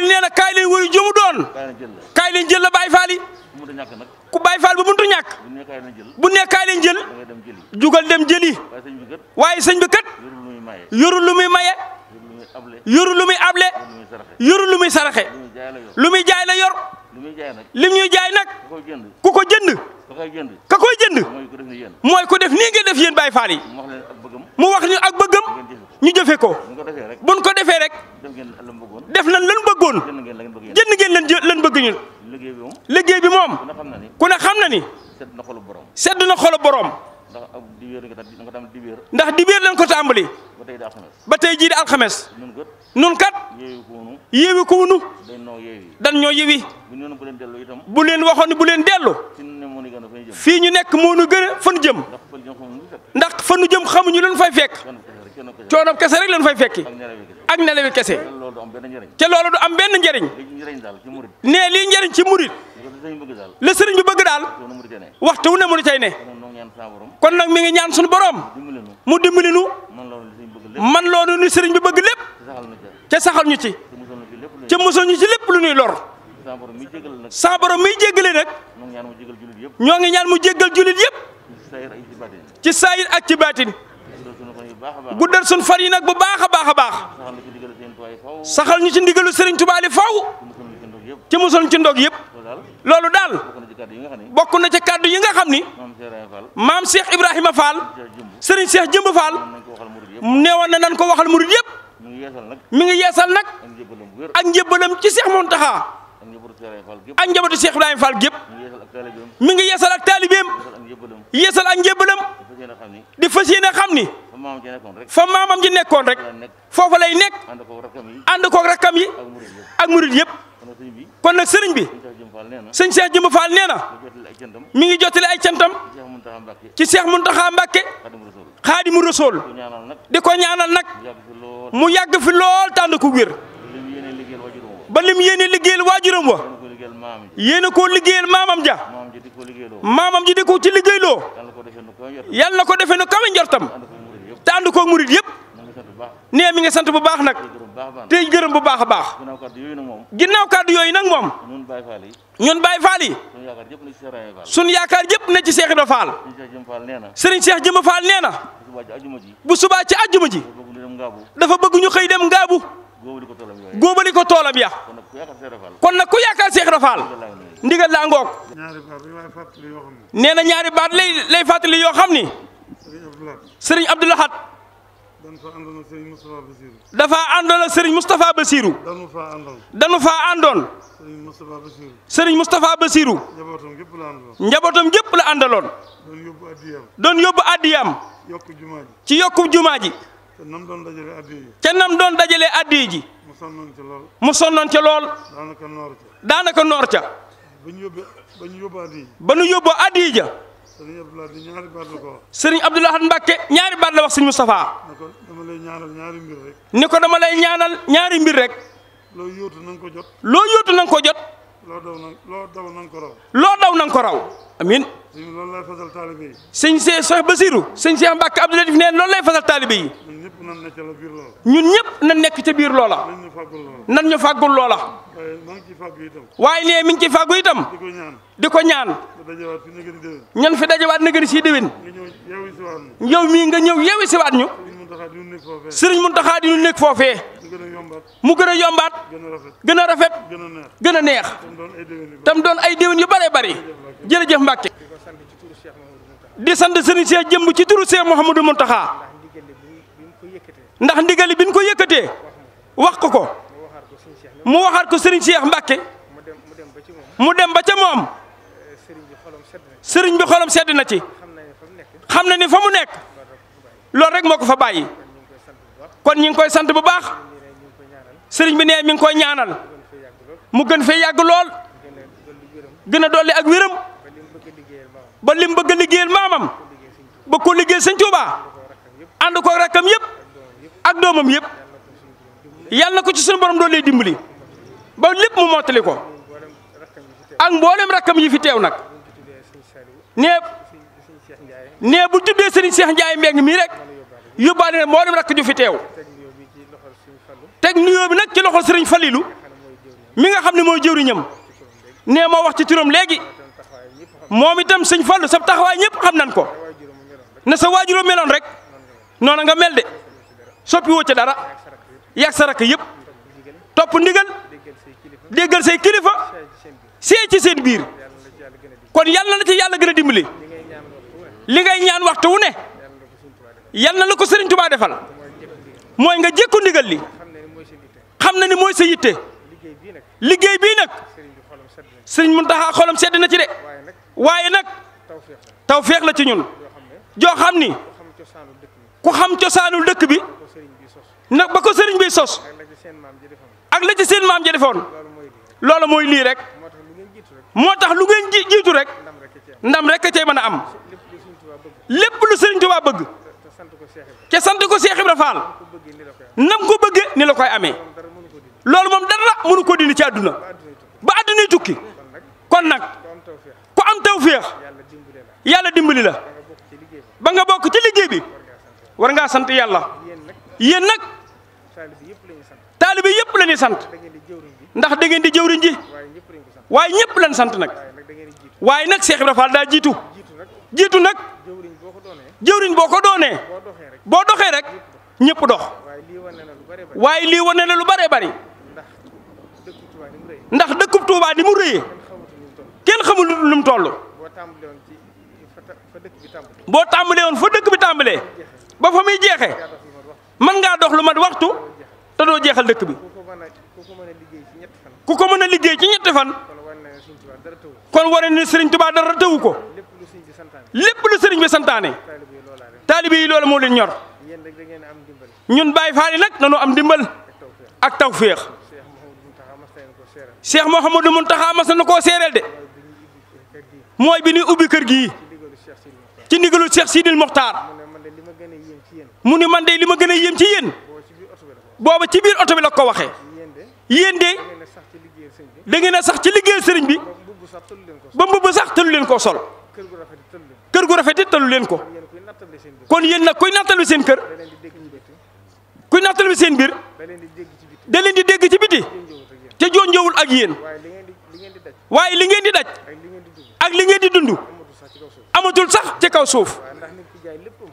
leen nee na kaay leen wuyu jëmu doon kaay leen jël la Baay Faal yi ku Baay Faal bu muntu ñàkk bu ne kaay leen jël jugal dem jëli waaye sëñ bi kat yorul lu muy maye yorul lu muy able yorul lu muy saraxe lu muy jaay la yor lim ñuy jaay nag ku ko jënd ka koy jënd mooy ko def nii ngeen def yéen Baay Faal yi mu wax ñu ak bëggam ñu jëfe ko buñ ko defee rek def lan lan bëggoon jënd ngeen lan lan bëgg ñun liggéey bi moom ku ne xam na ni sedd na xolu borom sedd na xolu borom ndax dibéer lañ ko tàmbali ba tey jii di alxames nun kat yéewi ko wunu dan ñoo yéewi bu leen waxoon ni bu leen dellu fii ñu nekk moo nu gën a fa nu jëm ndax fa nu jëm xamuñu leen fay fekk coono kese rek leen fay fekki ak nelawi kese te loolu du am benn njëriñ ne lii njëriñ ci murit la sëriñ bi bëgg daal waxtu wu ne mënu cay ne kon nag mi ngi ñaan suñu borom mu dimbali nu man loolu ni sëriñ bi bëgg lépp ca saxal ñu ci ca musal ñu ci lépp lu ñuy lor sa borom miy jéggale nag ñoo ngi ñaan mu jéggal jullit yëpp ci saayir ak ci baatin guddal suñ far yi nag bu baax a baax a baax saxal ñu ci ndigalu Serigne Touba li faw ci musal ci ndog yëpp loolu daal bokk na ci kàddu yi nga xam ni maam Cheikh Ibrahima Fall Serigne Cheikh Jëmb Fall neewoon na nan ko waxal murid yëpp mi ngi yeesal nag ak njëbbalam ci Cheikh Mountakha ak njabootu Cheikh Ibrahima Fall gépp mi ngi yeesal ak taalibeem yeesal ak njëbbalam di fas a xam ni fa maamam ji nekkoon rek foofu lay nekk ànd koog rakkam yi ak murit yëpp kon nag sëriñ bi sëñ Cheikh Jëmb Fall nee na mi ngi jottali ay cantam ci Cheikh Mountakha Mbacké Xaadimu Rasuul di ko ñaanal nag mu yàgg fi lool tànd ko wér ba lim yéene liggéeyal waajuram wa yéene koo liggéeyal maamam ja maamam ji di ko ci liggéeyloo yàlla na ko defee nu kawe njortam te ànd koog murit yëpp nee mi nga sant bu baax nak te geureum bu baax a baax ginnaaw kàddu yooyu nag moom ñun Baye fali sun yaakar yaakaar yëpp ne ci Cheikh Ibra Fall Serigne Cheikh Jëmba Fall neena bu suba ci aljuma ji dafa bëgg ñu xey dem ngabu gobali ko tolam ya kon nak ku yaakar Cheikh Ibra Fall ndigal la ngok neena ñaari baat lay lay fàttali yoo sëriñ Abdou Lahad dafa àndoon ak sëriñ Moustapha Bassirou. dañu faa àndoon. dañu faa àndoon. sëriñ Moustapha Bassirou. sëriñ Moustapha Bassirou. njabootam gépp la àndaloon. njabootam gépp la àndaloon. doon yóbbu addiyam. ci yokku jumaa ji. te nam doon dajalee addiya ji. doon dajalee addiya ji. mu sonnoon ca lool. ca lool. daanaka noor ca. daanaka noor ba ñu yóbbu ba sëriñ Abdoulaye di ñaari baat la ko wax. ñaari baat la wax sëriñ Moustapha. ne ko dama lay ñaanal ñaari mbir rek. ne ko dama lay ñaanal ñaari mbir rek. loo yóotu na nga ko jot. loo yóotu na ko jot. loo daw na loo ko raw. loo daw na nga ko raw amiin. loolu lay fasal taalibe yi. sëñ see Cheikh Basirou. sëñ Cheikh Mbacke Abdou Latif nee loolu lay fasal taalibe yi. ñun ñëpp nan nekk ca biir loola. ñun ñëpp nan nekk ca biir loola. nan ñu fàggul loola. nan waaye maa ngi ciy fàggu itam. mi ngi ciy fàggu itam. di ko ñaan. di ko ñaan. ñan fi dajawaat na gën si déwén. yow mii nga ñëw yeewi si waat ñu. sëriñ Muntaxa di nu nekk foofee mu gën a yombaat gën a rafet gën a neex tam doon ay déwén yu bare bari jërëjëf Mbàkke di sant sëriñ Cheikh jëmb ci turu Cheikh Mouhamadou Mountakha ndax ndigali bi ñu ko yëkkatee wax ko ko mu waxaat ko sëriñ Cheikh Mbàkke mu dem ba ca moom eh, sëriñ bi xolam sedd na ci xam na ni fa mu nekk loolu rek moo ko fa bàyyi kon ñu ngi koy sant bu baax sëriñ bi nee mi ngi koy ñaanal mu gën fee yàgg lool gën a dolli ak wéram ba lim bëgg a liggéeyal maamam ba ko liggéey sëñ Tuubaa ànd ko rakkam yëpp ak doomam yëpp yàlla na ko ci suñu borom doole dimbali ba lépp mu mottali ko ak mboolem rakkam yi fi teew nag nee nee bu tuddee sëriñ Cheikh Ndiaye Mbeng mii rek yóbbaale mboolem rakk ju fi teew. teg nuyoo bi nag ci loxo sëriñ Falilou mi nga xam ne mooy jëwriñam nee ma wax ci turam léegi moom itam sëñ Fallu sa taxawaay ñëpp xam nan ko na sa waajuroo meloon rek noona nga mel de soppi woo ca dara yàgg sa rakk yëpp topp ndigal déggal say kilifa seey ci seen biir kon yàlla na ci yàlla gën a dimbali li ngay ñaan waxtu wu ne yàlla na la ko sëriñ Tuubaa defal mooy nga jékku ndigal li xam na ni mooy sa yitte liggéey bii nag sëriñ Muntaxa xolam sedd na ci de waaye nag taw feex la ci ñun joo xam ni ku xam cosaanul dëkk bi nag ba ko sëriñ bi sos ak la ci seen maam ja defoon loolu mooy lii rek moo tax lu ngeen jiitu rek ndam rek a cay mën a am lépp lu sëriñ Tuubaa bëgg ca sant ko Cheikh Ibra Fall nam ko bëggee ni la koy amee loolu moom dara mënu ko dindi ci àdduna ba àddunay tukki kon nag ku am tawféex yàlla dimbali la ba nga bokk ci liggéey bi war ngaa sant yàlla yéen nag taalibe yëpp la ñuy sant ndax da ngeen di jëwriñ ji waaye ñëpp lañ sant nag waaye nag Cheikh Ibra Fall daa jiitu jiitu nag. jëwriñ boo ko doonee boo doxee rek ñëpp dox waaye lii wane la lu bëree bari ndax dëkkub Touba di mu rëyee kenn xamul lu mu toll. boo tàmbalee woon fa dëkk bi tàmbalee ba fa muy jeexee mën ngaa dox lu mat waxtu te doo jeexal dëkk bi ku ko mën a liggéey ci ñetti fan kon waree ne Serigne Touba dara tëwu ko lépp lu Serigne bi santaane. taalibe yi loolu moo leen ñor ñun Baay Faal yi nag dañoo am dimbal ak tawféex Cheikh Mouhamadou Mountakha mas na koo seereel de mooy bi ñuy ubbi kër gi ci ndigalu Cheikh Sidil Mokhtar mu ni man de li ma gën a yéem ci yéen booba ci biir oto bi la ko waxee yéen de da ngeen a sax ci liggéey sëriñ bi ba mbubb sax tëlu leen ko sol kër gu rafet it tëlu leen ko. kon yéen nag kuy nattali seen kër kuy nattali seen biir da leen di dégg ci biti te jonjowul ak yéen waaye li ngeen di daj ak li ngeen di dund amatul sax ci kaw suuf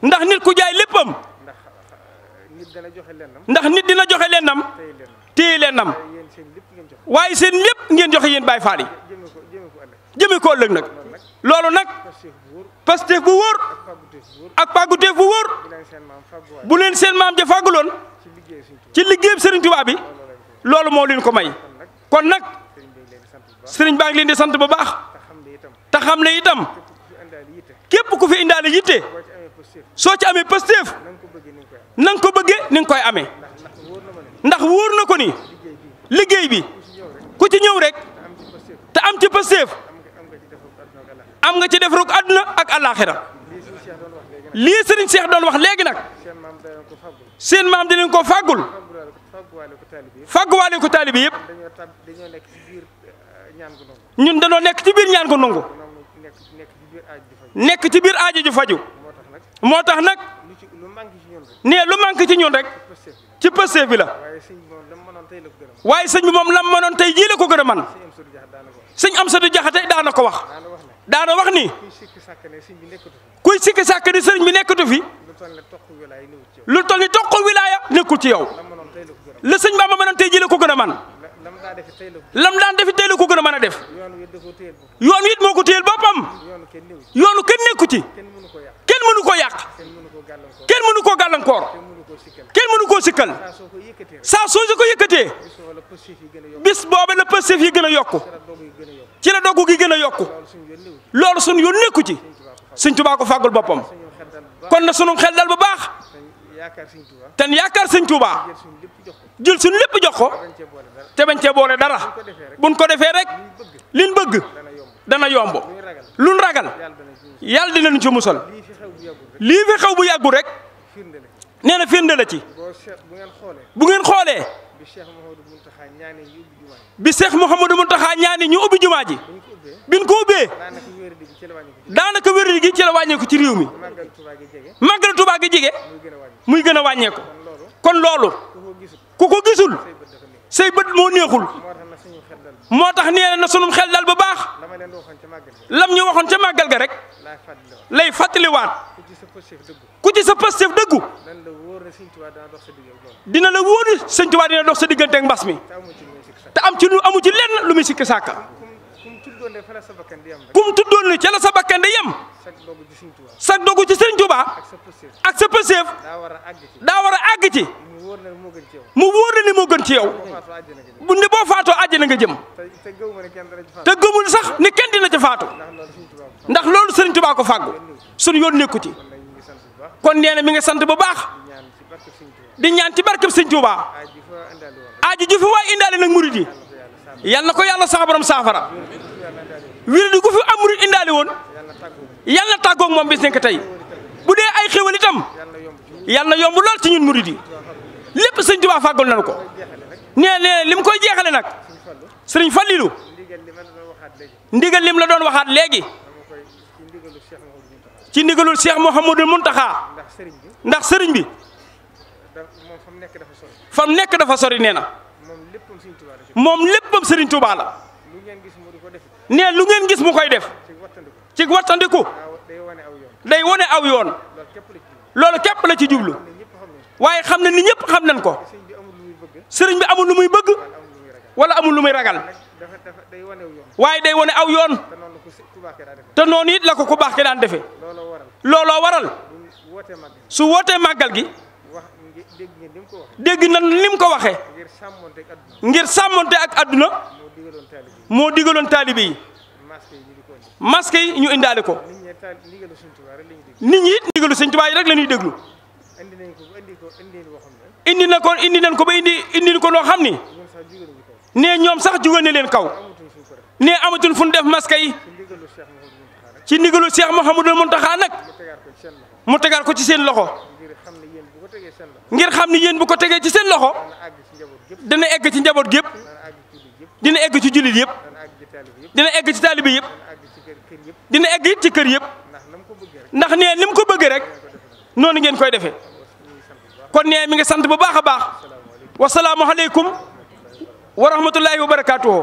ndax nit ku jaay léppam ndax nit eh, dina joxe leen nam lennam téye lennam waaye seen lépp ngeen joxe yéen Baay Faal yi jëme ko ëllëg nag. loolu nag pastef bu wóor ak pàgguteef bu wóor bu leen seen maam ja fàgguloon ci liggéeyam Serigne Touba bi loolu moo leen ko may kon nag Serigne baa ngi leen di sant ba baax te xam ne itam képp ku fi indaale yitte soo ci amee pastef na nga ko bëggee ni nga koy amee ndax wóor na ko ni liggéey bi ku ci ñëw rek te am ci pastef am nga ci defarug àdduna ak àllaaxira lii sëriñ Cheikh doon wax léegi nag seen maam dinañ ko fàggul fàgguwaale ko taalibi yëpp ñun dañoo nekk ci biir ñaan ko nangu nekk ci biir aajo ju faju moo tax nag nee lu manqué ci ñun rek ci pëste bi la waaye sëñ moom lam mënoon tey jii la ko gën a man sëñ Amsadu Jaxate daana ko wax daana wax ni kuy sikki sàkk ni sëriñ bi nekkatu fi lu tolni ni wilaya wilaaya nekkul ci yow le sëñ Bamba manon tay jële ko gëna man lam daan def tey la ko gëna a def yoon it moko ko bopam yoonu ken nekku ci kenn mënu ko yak ken mënu ko gàllankoor kenn mënu koo sikkal saa soo si ko yëkkatee bis boobe le pësif yi gëna yokku ci la dogu gi gëna yokku loolu suñu yoon nekku ci sëñ tubaa ko fàggul boppam kon na sunu xel dal ba baax ten yaakaar sëñ tubaa jël suñu lépp jox ko te bañ cee boole dara buñ ko defee rek liñ bëgg dana yomb luñ ragal yàlla dinañ ci musal lii fi xew bu yàggul rek nee na firnde la ci bu ngeen xoolee bi Cheikh Mouhamadou Mountakha ñaani ñu ubbi jumaa ji bin ko ubbee daanaka wérdi gi ci wàññeeku ci réew mi màggal Tuubaa gi jege muy gën a wàññeeku kon loolu ku ko gisul say bët moo neexul moo tax nee na sunum xel dal ba baax lam ñu waxoon ca màggal ga rek lay fàttaliwaat ku ci sa pëstef dëggu dina la wóor ni sëñ Tuubaa dina dox sa diggante ak mbas mi te am ci lu amu ci lenn lu muy si sàkka tuddoon ne kum tuddoon ne ca sa bakkan di yem. sag dogu ci Sëriñ Tuuba. ak sa pëseef. daa war a àgg ci. daa war a àgg ci. mu wóor na ni moo gën ci yow. bu ne boo faatoo àjjana nga jëm. te gëmul ne kenn dina ci sax ni kenn dina ci faatu. ndax loolu Sëriñ Tuuba ko fàggu. suñu yoon nekku ci. kon nee mi nga sant bu baax. di ñaan ci barkeb Sëriñ Tuuba. aaji ju fa waay indaale nag murid yal na ko yàlla sax borom saafara wirdu gu fi am murid indaale woon yàlla tàggoog moom bis nekk tey bu dee ay xéwal itam yàlla yomb lool ci ñun murid yi lépp sëñ Tuubaa fàggal nañu ko nee nee li mu koy jeexale nag sëriñ Fallilu ndigal lim la doon waxaat léegi ci ndigalul Cheikh Mouhamadul Mountakha ndax sëriñ bi fam nekk dafa sori nee na moom léppam sëriñ Tuubaa la ne lu ngeen gis mu koy def ci wattandiku day wone aw yoon loolu képp la ci jublu waaye xam ne ni ñëpp xam nañ ko sëriñ bi amul nu muy bëgg wala amul lu muy ragal waaye day wone aw yoon te noonu it la ko ku baax ki daan defee looloo waral su wootee màggal gi. dégg na ni mu ko waxee ngir sàmmonte ak àdduna moo digaloon taalibe yi masque yi ñu indaale ko nit ñi it ndigalu Sëñ Tuubaa yi rek la ñuy déglu indi na ko indi nañ ko ba indi indi ko loo xam ni ne ñoom sax jugal na leen kaw nee amatul fu ñu def masque yi ci ndigalu Cheikh Mouhamadul Mountakha nag mu tegaat ko ci seen loxo. ngir xam ni yéen bu ko tegee ci seen loxo dana egg ci njaboot gépp dina egg ci jullit yëpp dina egg ci taalibe yëpp dina egg it ci kër yëpp ndax nee ni mu ko bëggee rek noonu ngeen koy defee kon nee mi ngi sant bu baax a baax wasalaamualeykum wa rahmatullahi wa barakaatuhu